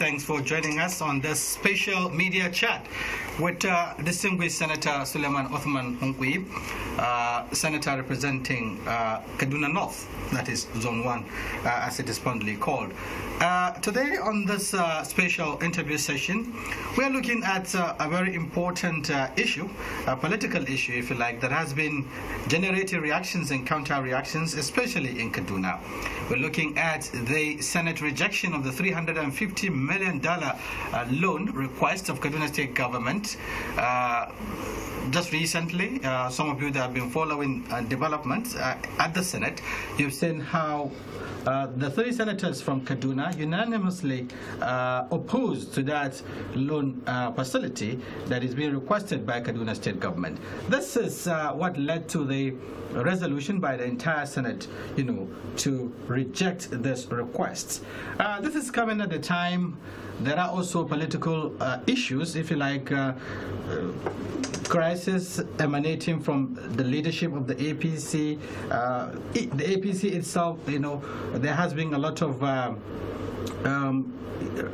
thanks for joining us on this special media chat with uh, distinguished Senator Suleiman Othman Hunkwe senator representing uh, Kaduna North, that is Zone 1, uh, as it is fondly called. Uh, today, on this uh, special interview session, we are looking at uh, a very important uh, issue, a political issue, if you like, that has been generating reactions and counter reactions, especially in Kaduna. We're looking at the Senate rejection of the $350 million loan request of Kaduna State government just recently. some of you that have been following in uh, developments uh, at the Senate. You've seen how uh, the three senators from Kaduna unanimously uh, opposed to that loan uh, facility that is being requested by Kaduna state government. This is uh, what led to the resolution by the entire Senate, you know, to reject this request. Uh, this is coming at the time there are also political issues, if you like, crisis emanating from the leadership of the APC. the APC itself, you know, there has been a lot of um, um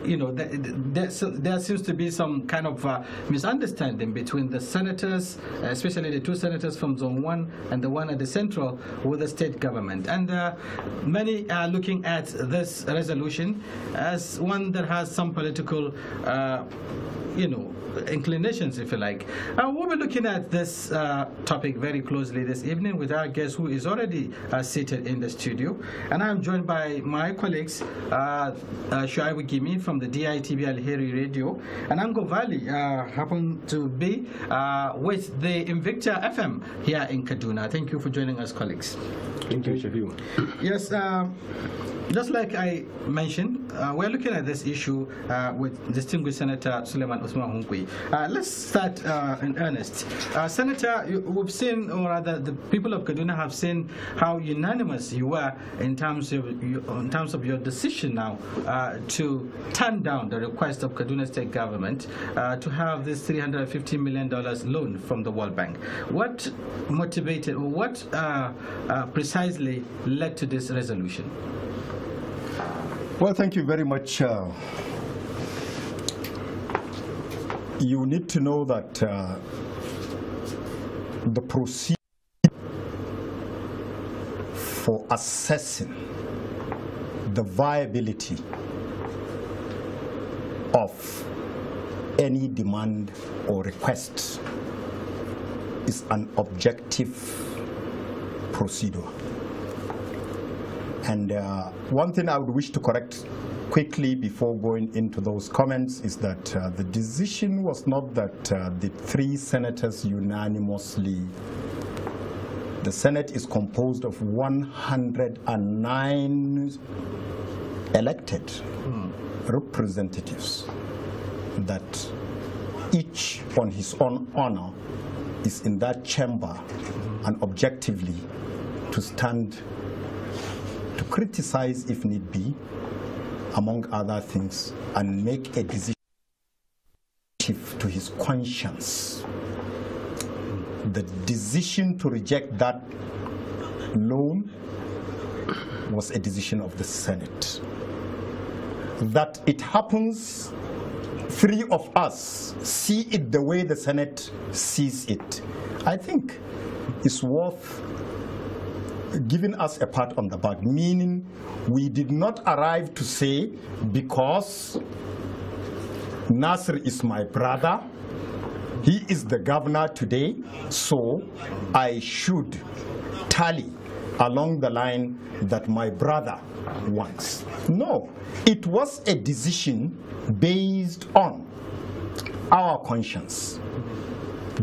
you know, there, there, there, seems to be some kind of uh, misunderstanding between the senators, especially the two senators from Zone 1 and the one at the central, with the state government. And uh, many are looking at this resolution as one that has some political. Uh, you know, inclinations, if you like. And uh, we'll be looking at this uh, topic very closely this evening with our guest who is already uh, seated in the studio. And I'm joined by my colleagues, uh, uh Shuaibu Gimi from the DITB Al Heri Radio, and Ango Valley uh, happen to be uh, with the Invicta FM here in Kaduna. Thank you for joining us, colleagues. Thank you, Shafiu. Yes. Just like I mentioned, uh, we're looking at this issue uh, with distinguished Senator Suleiman Usman Hunkwe. Uh, let's start uh, in earnest. Uh, Senator, we've seen, or rather, the people of Kaduna have seen how unanimous you were in terms of in terms of your decision now uh, to turn down the request of Kaduna State government to have this 350 million dollars loan from the World Bank. What motivated, or what precisely led to this resolution? Well, thank you very much. Uh, you need to know that uh, the procedure for assessing the viability of any demand or request is an objective procedure. And uh, one thing I would wish to correct quickly before going into those comments is that uh, the decision was not that uh, the three senators unanimously the Senate is composed of 109 elected mm. representatives that each on his own honor is in that chamber and objectively to stand to criticize if need be, among other things, and make a decision to his conscience. The decision to reject that loan was a decision of the Senate. That it happens, three of us see it the way the Senate sees it, I think it's worth giving us a pat on the back, meaning we did not arrive to say, because Nasir is my brother, he is the governor today, so I should tally along the line that my brother wants. No, it was a decision based on our conscience,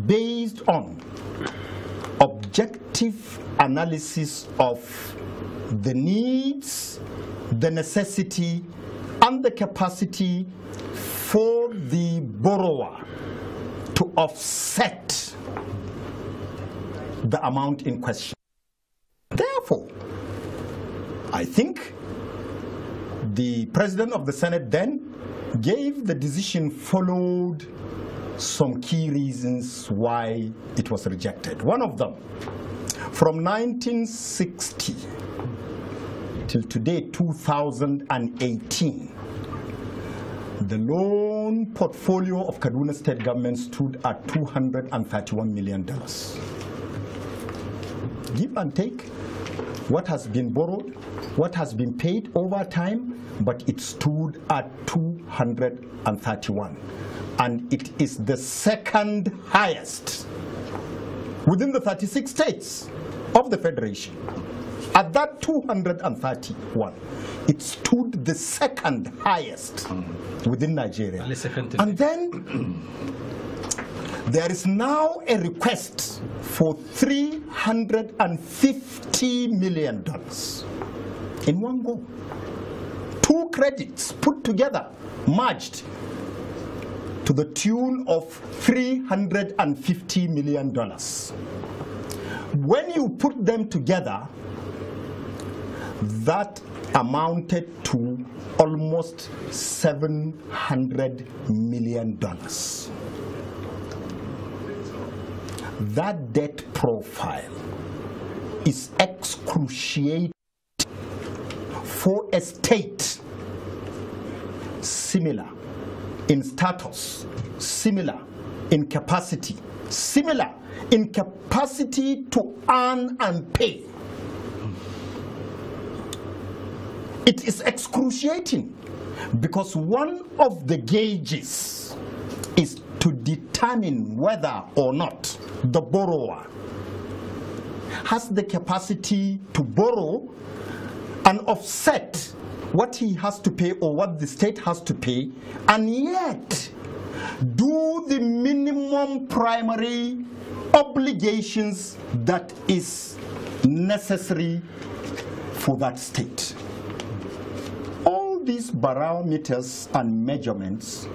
based on objective analysis of the needs, the necessity, and the capacity for the borrower to offset the amount in question. Therefore, I think the president of the Senate then gave the decision followed some key reasons why it was rejected. One of them, from 1960 till today, 2018, the loan portfolio of Kaduna state government stood at $231 million. Give and take what has been borrowed, what has been paid over time, but it stood at 231 and it is the second highest within the 36 states of the Federation. At that 231, it stood the second highest within Nigeria. And then there is now a request for $350 million in one go. Two credits put together, merged, to the tune of $350 million. When you put them together, that amounted to almost $700 million. That debt profile is excruciating for a state similar in status, similar in capacity, similar in capacity to earn and pay. It is excruciating because one of the gauges is to determine whether or not the borrower has the capacity to borrow and offset what he has to pay or what the state has to pay, and yet do the minimum primary obligations that is necessary for that state. All these barometers and measurements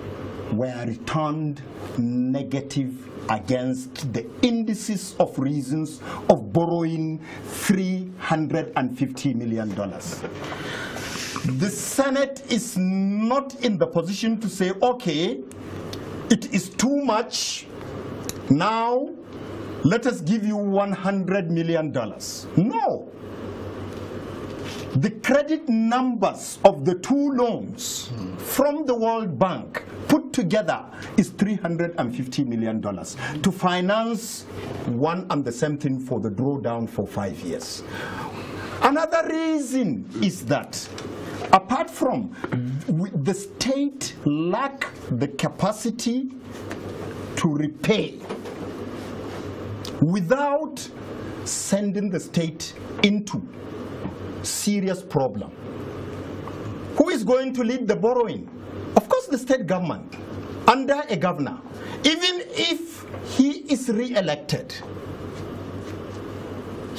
were returned negative against the indices of reasons of borrowing $350 million the Senate is not in the position to say, okay, it is too much. Now, let us give you $100 million. No. The credit numbers of the two loans from the World Bank put together is $350 million to finance one and the same thing for the drawdown for five years. Another reason is that Apart from the state lack the capacity to repay without sending the state into serious problem. Who is going to lead the borrowing? Of course, the state government under a governor. Even if he is re-elected,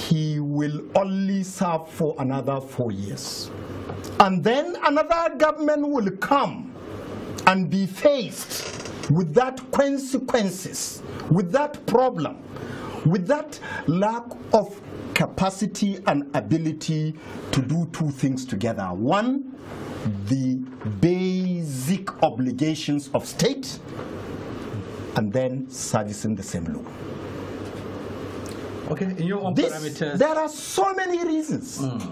he will only serve for another four years. And then another government will come and be faced with that consequences, with that problem, with that lack of capacity and ability to do two things together. One, the basic obligations of state, and then servicing the same law. Okay, in your own this, parameters. There are so many reasons. Mm.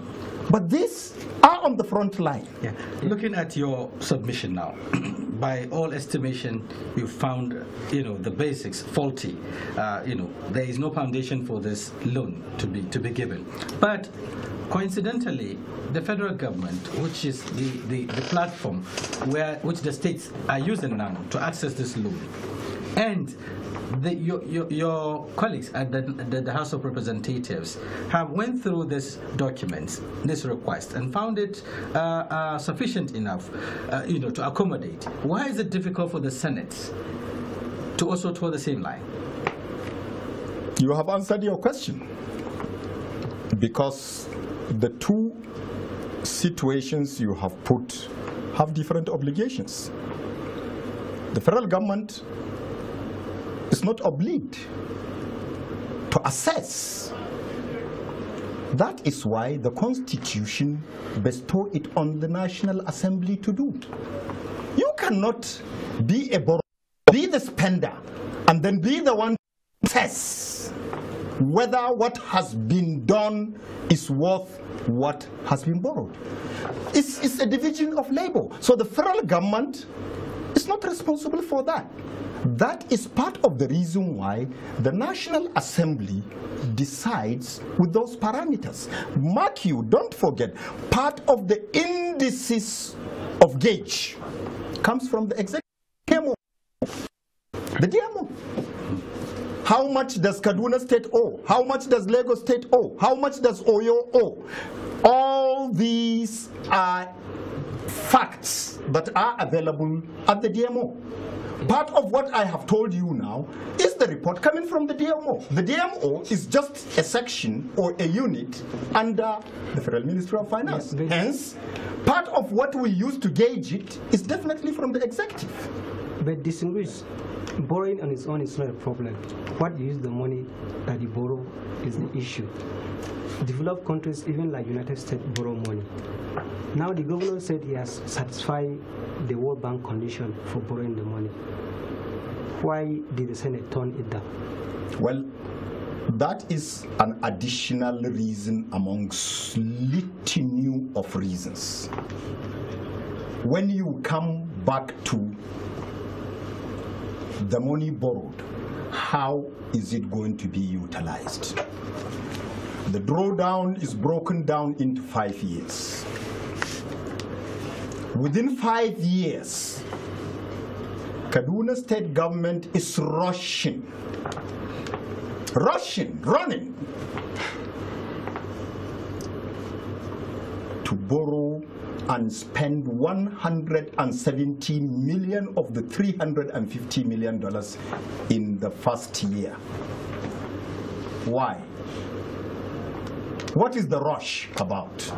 But these are on the front line. Yeah. Looking at your submission now, by all estimation, you found you know the basics faulty. Uh, you know there is no foundation for this loan to be to be given. But coincidentally, the federal government, which is the, the, the platform where which the states are using now to access this loan, and the, your, your, your, colleagues at the, the, the, House of Representatives have went through this document, this request, and found it uh, uh, sufficient enough, uh, you know, to accommodate. Why is it difficult for the Senate to also draw the same line? You have answered your question because the two situations you have put have different obligations. The federal government is not obliged to assess. That is why the Constitution bestow it on the National Assembly to do. You cannot be a borrower, be the spender, and then be the one to assess whether what has been done is worth what has been borrowed. It's, it's a division of labor. So the federal government is not responsible for that. That is part of the reason why the National Assembly decides with those parameters. Mark you, don't forget, part of the indices of gauge comes from the executive DMO. The DMO. How much does Kaduna State owe? How much does Lagos State owe? How much does Oyo owe? All these are facts that are available at the DMO. Part of what I have told you now is the report coming from the DMO. The DMO is just a section or a unit under the Federal Ministry of Finance. Yes, Hence, part of what we use to gauge it is definitely from the executive. But distinguish, borrowing on its own is not a problem. What you use the money that you borrow is the issue. Developed countries, even like United States, borrow money. Now the governor said he has satisfied the World Bank condition for borrowing the money. Why did the Senate turn it down? Well, that is an additional reason amongst litany of reasons. When you come back to the money borrowed, how is it going to be utilized? The drawdown is broken down into five years. Within five years, Kaduna state government is rushing, rushing, running to borrow and spend 170 million of the 350 million dollars in the first year. Why? What is the rush about?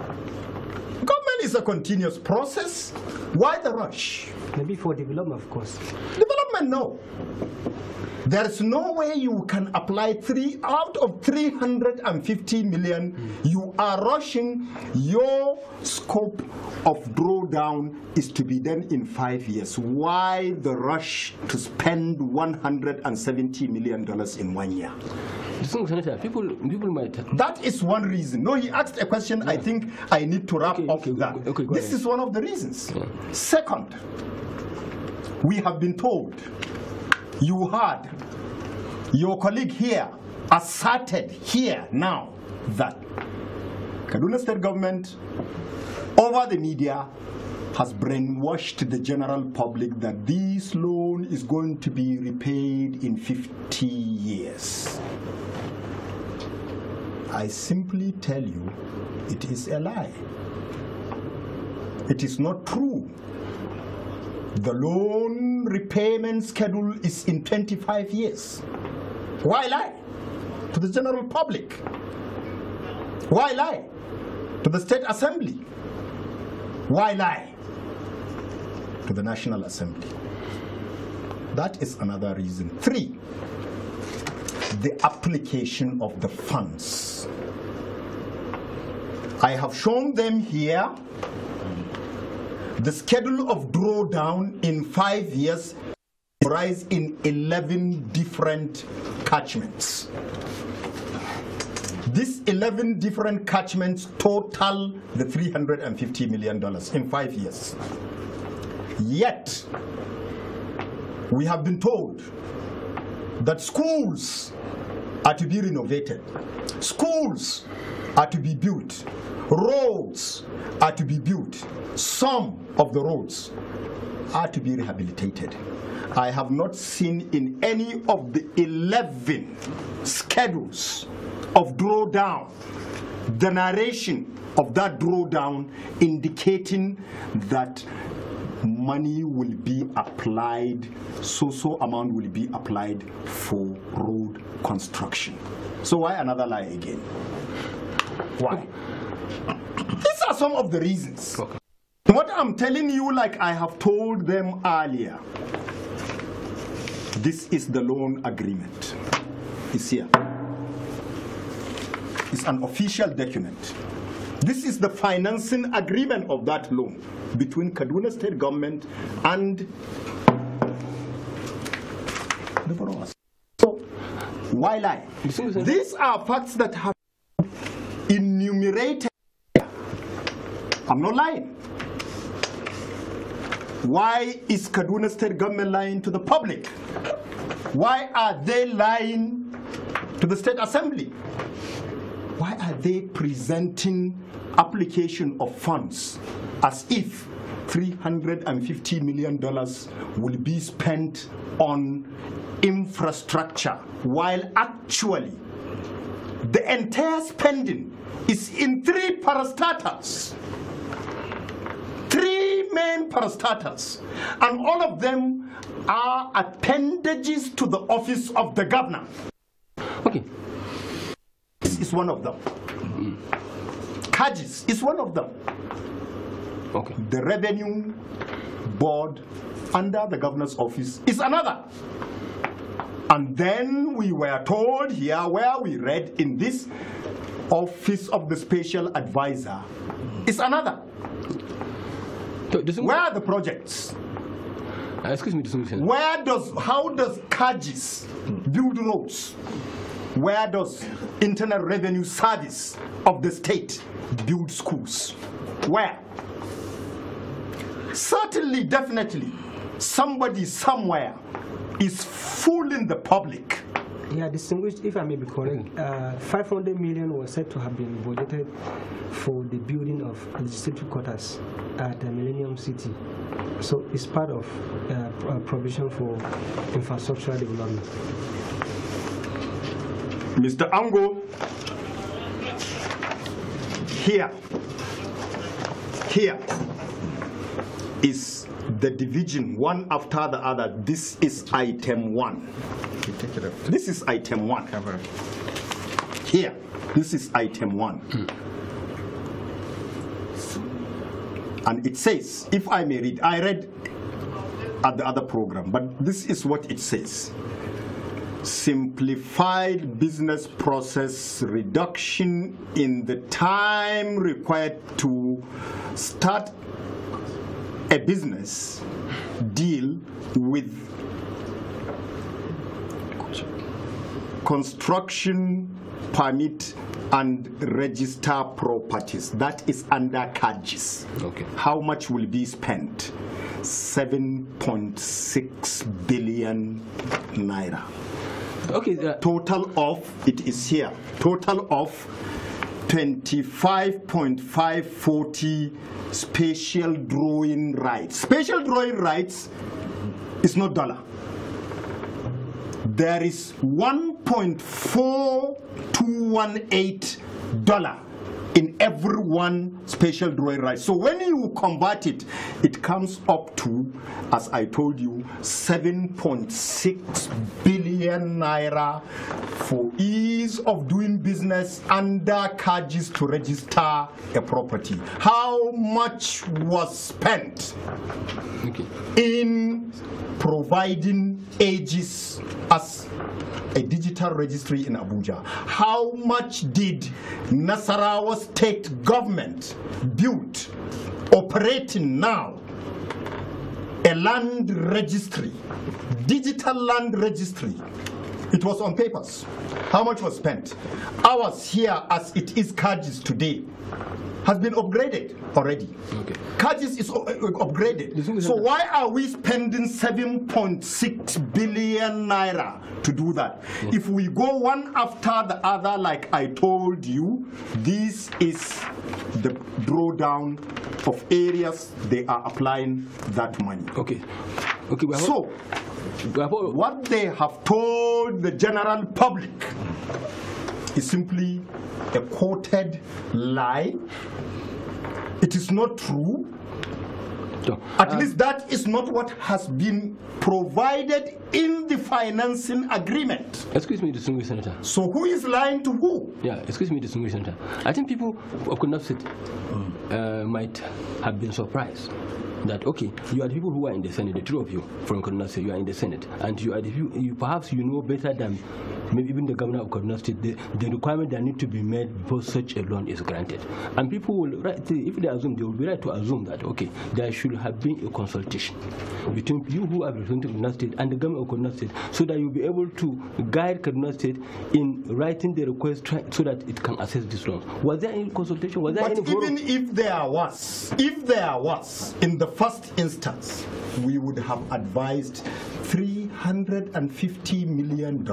is a continuous process. Why the rush? Maybe for development, of course. Development, no. There's no way you can apply three out of 350 million. Mm. You are rushing. Your scope of drawdown is to be done in five years. Why the rush to spend 170 million dollars in one year? People, people might. That is one reason. No, he asked a question. Yeah. I think I need to wrap okay, up okay, that. Okay, this ahead. is one of the reasons. Yeah. Second, we have been told you heard your colleague here asserted here now that Kaduna state government over the media has brainwashed the general public that this loan is going to be repaid in 50 years. I simply tell you it is a lie. It is not true. The loan repayment schedule is in 25 years. Why lie to the general public? Why lie to the State Assembly? Why lie to the National Assembly? That is another reason. Three, the application of the funds. I have shown them here the schedule of drawdown in five years rise in 11 different catchments. These 11 different catchments total the $350 million in five years. Yet, we have been told that schools are to be renovated, schools are to be built, Roads are to be built. Some of the roads are to be rehabilitated. I have not seen in any of the 11 schedules of drawdown the narration of that drawdown indicating that money will be applied, so so amount will be applied for road construction. So why another lie again? Why? are some of the reasons. Okay. What I'm telling you, like I have told them earlier, this is the loan agreement. It's here. It's an official document. This is the financing agreement of that loan between Kaduna State Government and the borrowers. So, why lie? These are facts that have enumerated I'm not lying. Why is Kaduna State government lying to the public? Why are they lying to the State Assembly? Why are they presenting application of funds as if $350 million will be spent on infrastructure while actually the entire spending is in three parastatals men and all of them are appendages to the office of the governor. Okay. This is one of them. Mm. Kajis is one of them. Okay. The revenue board under the governor's office is another. And then we were told here where we read in this office of the special advisor is another. Where are the projects? Uh, excuse me, Where does, how does Kajis build roads? Where does Internal Revenue Service of the state build schools? Where? Certainly, definitely, somebody somewhere is fooling the public yeah, distinguished, if I may be correct, uh, 500 million was said to have been budgeted for the building of legislative quarters at the Millennium City. So it's part of uh, uh provision for infrastructural development. Mr. Ango, here, here is the division one after the other. This is item one. You take it up. This is item one. Cover. Here, this is item one. Mm. And it says, if I may read, I read at the other program, but this is what it says. Simplified business process reduction in the time required to start a business deal with construction permit and register properties. That is under CAGIS. Okay. How much will be spent? 7.6 billion naira. Okay. Uh, total of, it is here, total of 25.540 special drawing rights. Special drawing rights is not dollar there is 1.4218 dollar in every one special drawing right. So when you convert it, it comes up to, as I told you, 7.6 billion naira for ease of doing business under charges to register a property. How much was spent okay. in providing ages as a digital registry in Abuja. How much did Nasarawa state government build, operating now, a land registry, digital land registry? It was on papers. How much was spent? Ours here, as it is Kajis today, has been upgraded already. Okay. Kajis is uh, uh, upgraded. So why are we spending 7.6 billion naira to do that? If we go one after the other, like I told you, this is the drawdown of areas they are applying that money. Okay. Okay. Well, so what they have told the general public is simply a quoted lie. It is not true. So, At least that is not what has been provided in the financing agreement. Excuse me, distinguished senator. So who is lying to who? Yeah, excuse me, distinguished senator. I think people of Kunapsit mm. uh, might have been surprised that okay, you are the people who are in the Senate, the two of you from Kaduna State, you are in the Senate, and you are the, you perhaps you know better than maybe even the governor of Kaduna State, the, the requirement that need to be made before such a loan is granted. And people will, right, if they assume, they will be right to assume that, okay, there should have been a consultation between you who are representing Kaduna State and the government of Kaduna State so that you'll be able to guide Kaduna State in writing the request so that it can assess this loan. Was there any consultation? Was there but any even if there was, if there was, in the first instance, we would have advised $350 million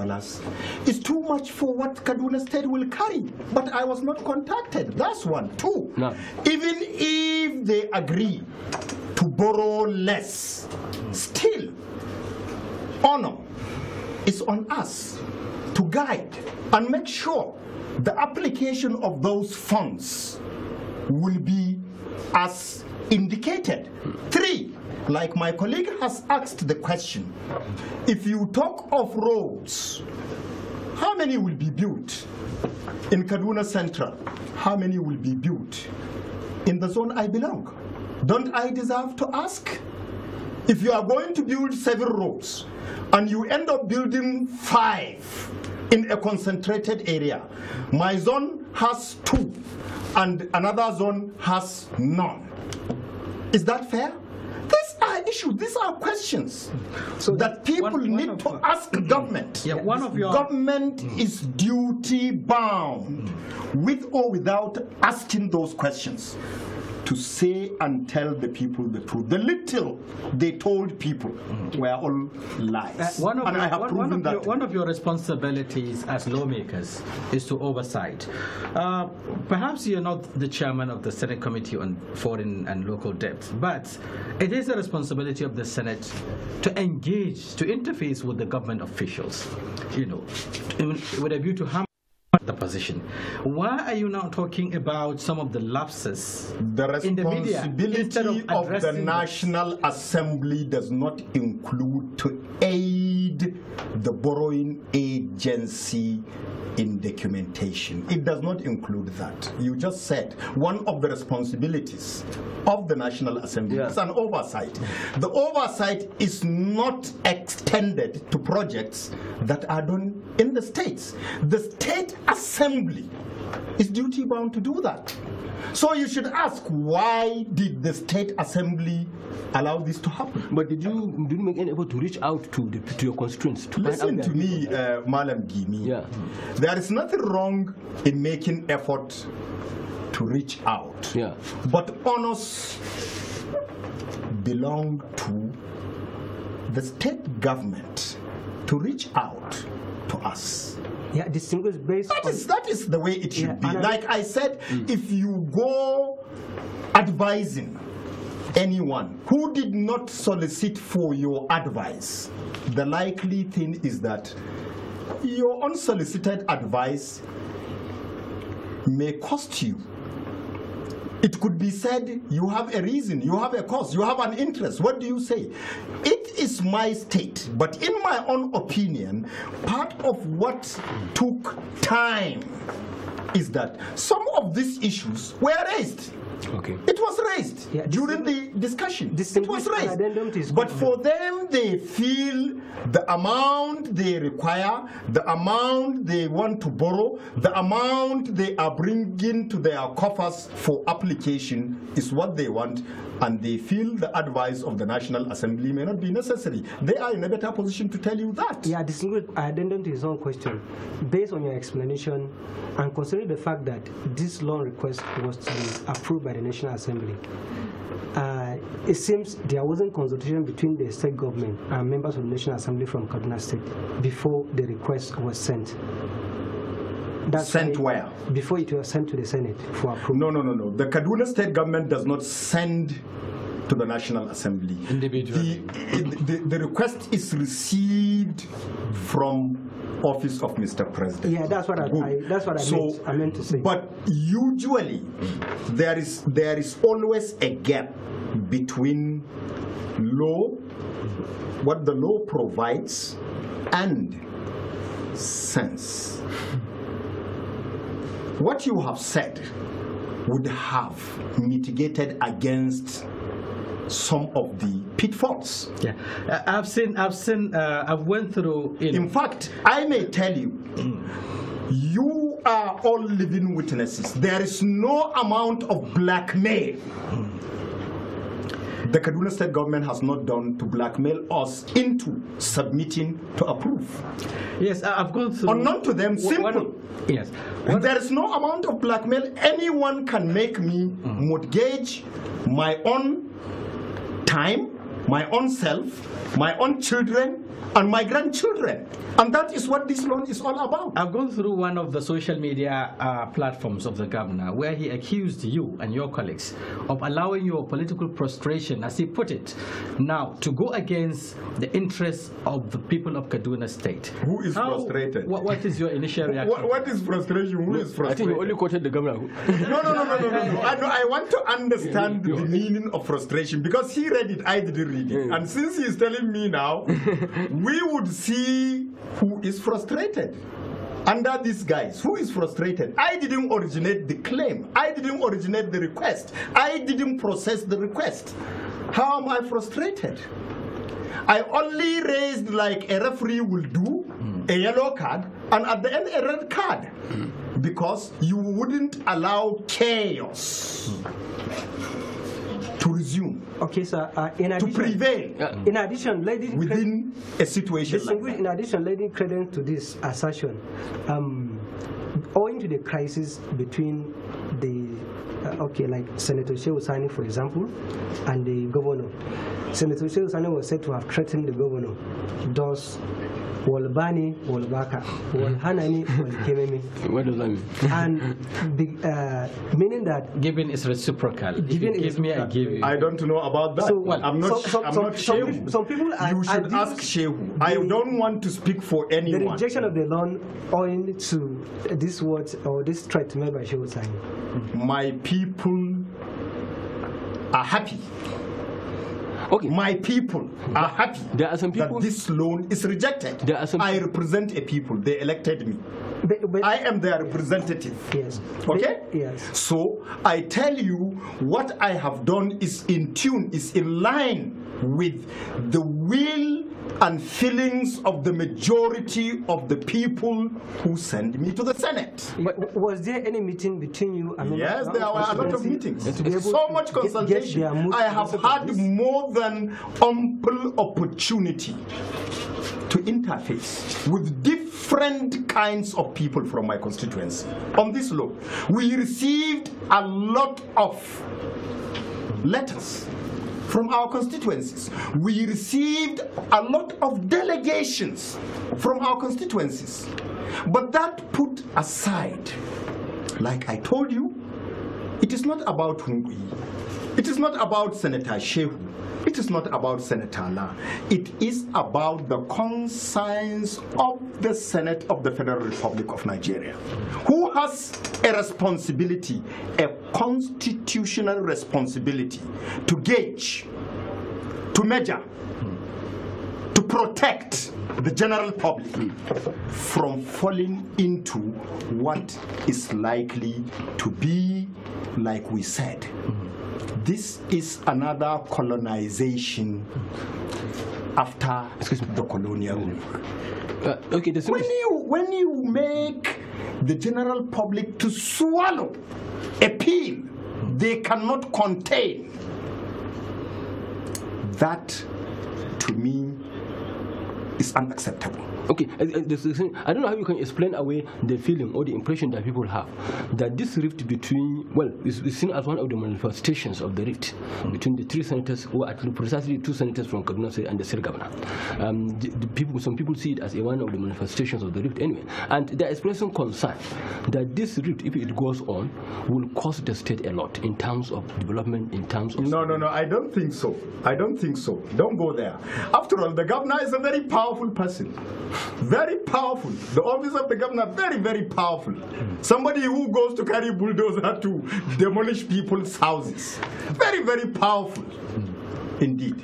it's too much for what Kaduna State will carry. But I was not contacted. That's one. Two, no. even if they agree to borrow less, still, honor is on us to guide and make sure the application of those funds will be as indicated. Three, like my colleague has asked the question, if you talk of roads, how many will be built in Kaduna Central? How many will be built in the zone I belong? Don't I deserve to ask? If you are going to build seven roads and you end up building five in a concentrated area, my zone has two and another zone has none. Is that fair? are issues. These are questions so that people one, one need to ask mm. government. Yeah, one of your government mm. is duty bound, mm. with or without asking those questions to say and tell the people the truth. The little they told people were all lies. Uh, one of and your, I have one, proven one that. Your, one of your responsibilities as lawmakers is to oversight. Uh, perhaps you're not the chairman of the Senate Committee on Foreign and Local Debt, but it is the responsibility of the Senate to engage, to interface with the government officials, you know, with a view to harm the position. Why are you now talking about some of the lapses the responsibility in the media of, of the National it? Assembly does not include to aid the borrowing agency in documentation. It does not include that. You just said one of the responsibilities of the National Assembly yeah. is an oversight. The oversight is not extended to projects that are done in the states. The state assembly is duty bound to do that. So you should ask why did the state assembly allow this to happen? But did you did you make any effort to reach out to the, to your constituents? To Listen to me, uh, Malam Gimi. Yeah. There is nothing wrong in making effort to reach out. Yeah. But honors belong to the state government to reach out to us. Yeah, based. That is that is the way it should yeah, be. Like I said, mm. if you go advising anyone who did not solicit for your advice, the likely thing is that your unsolicited advice may cost you it could be said you have a reason, you have a cause, you have an interest. What do you say? It is my state, but in my own opinion, part of what took time is that some of these issues were raised Okay. It was raised yeah, during the discussion. It was raised. But for them, they feel the amount they require, the amount they want to borrow, the amount they are bringing to their coffers for application is what they want, and they feel the advice of the National Assembly may not be necessary. They are in a better position to tell you that. Yeah, distinguished addendum to his own question. Based on your explanation, and considering the fact that this loan request was to be approved by the National Assembly. Uh, it seems there wasn't consultation between the state government and members of the National Assembly from Kaduna State before the request was sent. That's sent where? Before it was sent to the Senate for approval. No, no, no, no. The Kaduna State government does not send to the National Assembly. Individually. The, the, the request is received from office of Mr. President. Yeah, that's what I, I that's what I, so, meant, I meant to say. But usually there is there is always a gap between law what the law provides and sense what you have said would have mitigated against some of the pitfalls. Yeah, I've seen, I've seen, uh, I've went through. You know. In fact, I may tell you, you are all living witnesses. There is no amount of blackmail the Kaduna state government has not done to blackmail us into submitting to approve. Yes, I've gone through. Unknown to them, simple. yes. there is no amount of blackmail anyone can make me mm -hmm. mortgage my own time, my own self, my own children, and my grandchildren. And that is what this loan is all about. I've gone through one of the social media uh, platforms of the governor where he accused you and your colleagues of allowing your political prostration, as he put it, now to go against the interests of the people of Kaduna State. Who is How, frustrated? what is your initial reaction? what, what is frustration? Who no, is frustrated? I think you only quoted the governor. no, no, no, no, no, no. no. I, no I want to understand the meaning of frustration because he read it, I didn't read it. And since he's telling me now, we would see who is frustrated under these guys who is frustrated i didn't originate the claim i didn't originate the request i didn't process the request how am i frustrated i only raised like a referee will do mm. a yellow card and at the end a red card mm. because you wouldn't allow chaos mm to resume. Okay, sir. Uh, in addition, to prevail. Uh, in addition, within a situation. like in addition, lending credence to this assertion, um, owing to the crisis between the uh, okay, like Senator Shehu for example, and the governor. Senator Shehu was said to have threatened the governor, thus walbani walbaka walhanani walkememi what does that mean and the, uh, meaning that giving is reciprocal giving is give me I give you I don't know about that so, well, I'm not so, so, I'm not sure. some people are, you should ask Shehu I don't want to speak for anyone the rejection of the loan owing to this word or this threat made by Shehu Sani my people are happy Okay. My people are happy there are some people, that this loan is rejected. There are some I represent a people. They elected me. But, but, I am their representative. Yes. Okay? yes. So I tell you what I have done is in tune, is in line with the will and feelings of the majority of the people who send me to the Senate. But was there any meeting between you and Yes, there were a lot of meetings. So much consultation. I have had more than ample opportunity to interface with different kinds of people from my constituency on this law. We received a lot of letters from our constituencies. We received a lot of delegations from our constituencies. But that put aside, like I told you, it is not about Hungui. It is not about Senator Shehu. It is not about Senator La. It is about the conscience of the Senate of the Federal Republic of Nigeria, who has a responsibility, a constitutional responsibility to gauge, to measure, to protect the general public from falling into what is likely to be, like we said, this is another colonization after excuse me, the colonial Uh, okay, the when you when you make the general public to swallow a pill they cannot contain, that to me is unacceptable. Okay, uh, uh, I don't know how you can explain away the feeling or the impression that people have that this rift between, well, is seen as one of the manifestations of the rift between the three senators, or at least precisely two senators from Kaduna and the state governor. Um, the, the people, some people see it as a, one of the manifestations of the rift anyway. And they're expressing concern that this rift, if it goes on, will cost the state a lot in terms of development, in terms of... No, no, no, I don't think so. I don't think so. Don't go there. After all, the governor is a very powerful person. Very powerful. The office of the governor, very, very powerful. Somebody who goes to carry bulldozer to demolish people's houses. Very, very powerful indeed.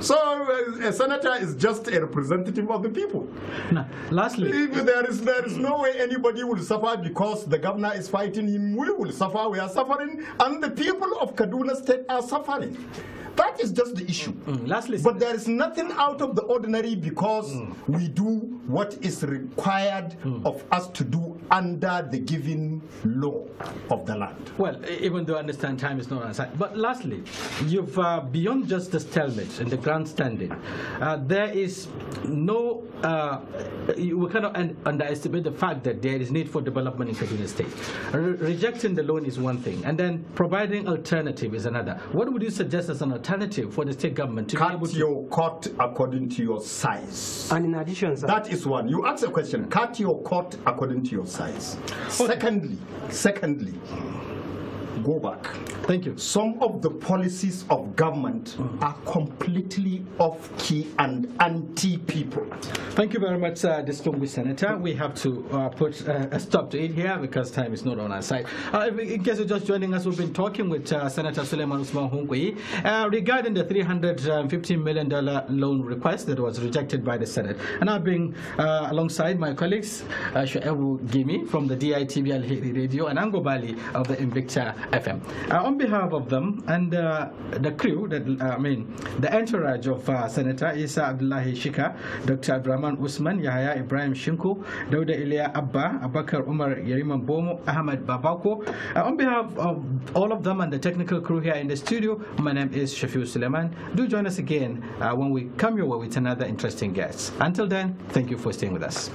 So uh, a senator is just a representative of the people. Now, lastly, there is there is no way anybody will suffer because the governor is fighting him. We will suffer. We are suffering, and the people of Kaduna State are suffering. That is just the issue. Mm, mm lastly, but there is nothing out of the ordinary because mm. we do what is required mm. of us to do under the given law of the land. Well, even though I understand time is not on our side, but lastly, you've uh, beyond just the stalemate in the grandstanding. Uh, there is no, uh, we cannot un underestimate the fact that there is need for development in Kaduna State. Re rejecting the loan is one thing, and then providing alternative is another. What would you suggest as an alternative for the state government to cut to your court according to your size? And in addition, sir, that is one. You ask a question. Cut your court according to your size. Okay. Oh. Secondly, secondly, go back. Thank you. Some of the policies of government mm. are completely off key and anti people. Thank you very much, uh, distinguished senator. We have to uh, put uh, a stop to it here because time is not on our side. Uh, in case you're just joining us, we've been talking with uh, Senator Suleiman Usman Hunkwe uh, regarding the $350 million loan request that was rejected by the Senate. And I bring alongside my colleagues uh, Shoebu Gimi from the DITB Al Radio and Angobali of the Invicta FM. Uh, on behalf of them and uh, the crew, that uh, I mean, the entourage of Senator Isa Abdullahi Shika, Dr. Abdurrahman Usman, Yahaya Ibrahim Shinku, Dauda Ilya Abba, Abakar Umar Yeriman Bomo, Ahmed Babako. on behalf of all of them and the technical crew here in the studio, my name is Shafiu Suleiman. Do join us again when we come your way with another interesting guest. Until then, thank you for staying with us.